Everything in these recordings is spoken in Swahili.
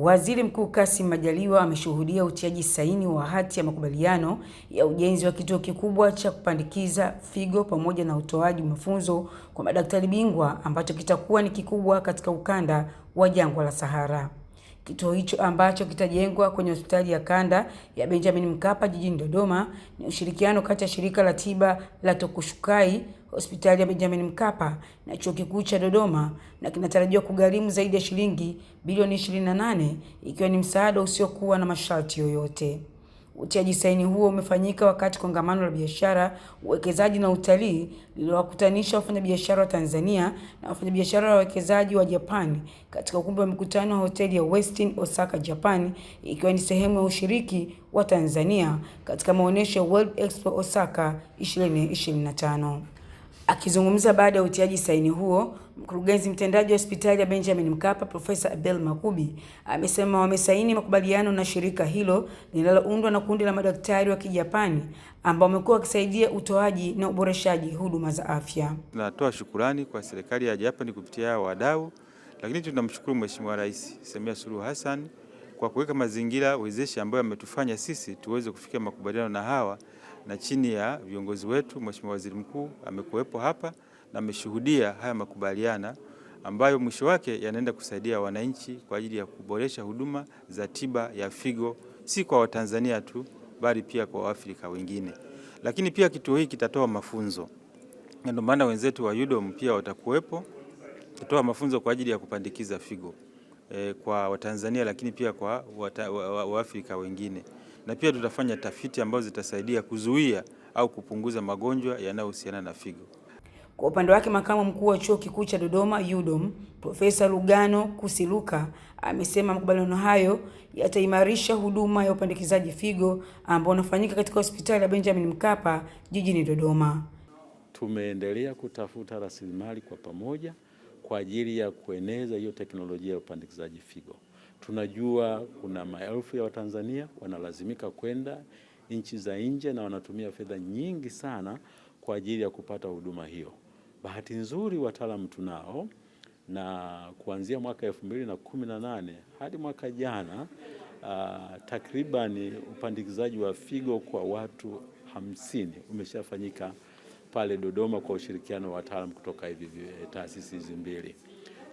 Waziri Mkuu Kassim Majaliwa ameshuhudia utiaji saini wa hati ya makubaliano ya ujenzi wa kituo kikubwa cha kupandikiza figo pamoja na utoaji mafunzo kwa madaktari bingwa ambacho kitakuwa ni kikubwa katika ukanda wa Jangwa la Sahara. Kituo hicho ambacho kitajengwa kwenye hospitali ya kanda ya Benjamin Mkapa jijini Dodoma ni ushirikiano kati ya shirika la tiba la Tokushukai hospitali ya Benjamin Mkapa na chuo kikuu cha Dodoma na kinatarajiwa kugharimu zaidi ya shilingi bilioni 28 ikiwa ni msaada usiokuwa na masharti yoyote. Utiaji saini huo umefanyika wakati kongamano la biashara, uwekezaji na utalii lililowakutanisha wafanyabiashara wa Tanzania na wafanyabiashara wa wawekezaji wa Japani katika ukumbi wa mikutano wa hoteli ya Westin Osaka, Japan, ikiwa ni sehemu ya ushiriki wa Tanzania katika maonyesho ya World Expo Osaka 2025. Akizungumza baada ya utiaji saini huo, mkurugenzi mtendaji wa hospitali ya Benjamin Mkapa Profesa Abel Makubi amesema wamesaini makubaliano na shirika hilo linaloundwa na kundi la madaktari wa Kijapani ambao wamekuwa wakisaidia utoaji na uboreshaji huduma za afya. Tunatoa shukurani kwa serikali ya Japani kupitia wadau, lakini tunamshukuru Mheshimiwa Rais Samia Suluhu Hassan kwa kuweka mazingira wezeshi ambayo ametufanya sisi tuweze kufikia makubaliano na hawa na chini ya viongozi wetu, Mheshimiwa Waziri Mkuu amekuwepo hapa na ameshuhudia haya makubaliana ambayo mwisho wake yanaenda kusaidia wananchi kwa ajili ya kuboresha huduma za tiba ya figo, si kwa Watanzania tu bali pia kwa Waafrika wengine. Lakini pia kituo hiki kitatoa mafunzo, ndio maana wenzetu wa UDOM pia watakuwepo kutoa mafunzo kwa ajili ya kupandikiza figo e, kwa Watanzania lakini pia kwa Waafrika wa, wa, wa wengine na pia tutafanya tafiti ambazo zitasaidia kuzuia au kupunguza magonjwa yanayohusiana na figo. Kwa upande wake makamu mkuu wa chuo kikuu cha Dodoma UDOM Profesa Lugano Kusiluka amesema makubaliano hayo yataimarisha huduma ya upandikizaji figo ambao unafanyika katika hospitali ya Benjamin Mkapa jijini Dodoma. Tumeendelea kutafuta rasilimali kwa pamoja kwa ajili ya kueneza hiyo teknolojia ya upandikizaji figo. Tunajua kuna maelfu ya Watanzania wanalazimika kwenda nchi za nje na wanatumia fedha nyingi sana kwa ajili ya kupata huduma hiyo. Bahati nzuri wataalamu tunao, na kuanzia mwaka elfu mbili na kumi na nane hadi mwaka jana uh, ah, takribani upandikizaji wa figo kwa watu hamsini umeshafanyika pale Dodoma kwa ushirikiano wa wataalamu kutoka hivi eh, taasisi hizi mbili.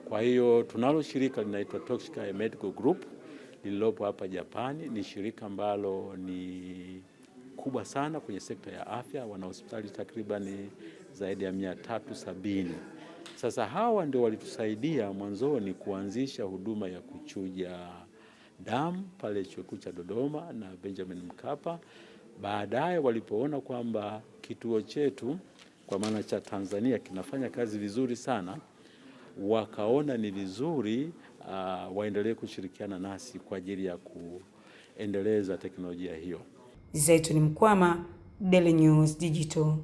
Kwa hiyo tunalo shirika linaitwa Tokushika Medical Group lililopo hapa Japani. Ni shirika ambalo ni kubwa sana kwenye sekta ya afya, wana hospitali takriban zaidi ya mia tatu sabini. Sasa hawa ndio walitusaidia mwanzoni kuanzisha huduma ya kuchuja damu pale chuo kikuu cha Dodoma na Benjamin Mkapa. Baadaye walipoona kwamba kituo chetu kwa maana cha Tanzania kinafanya kazi vizuri sana wakaona ni vizuri uh, waendelee kushirikiana nasi kwa ajili ya kuendeleza teknolojia hiyo. Zaituni Mkwama, Daily News Digital.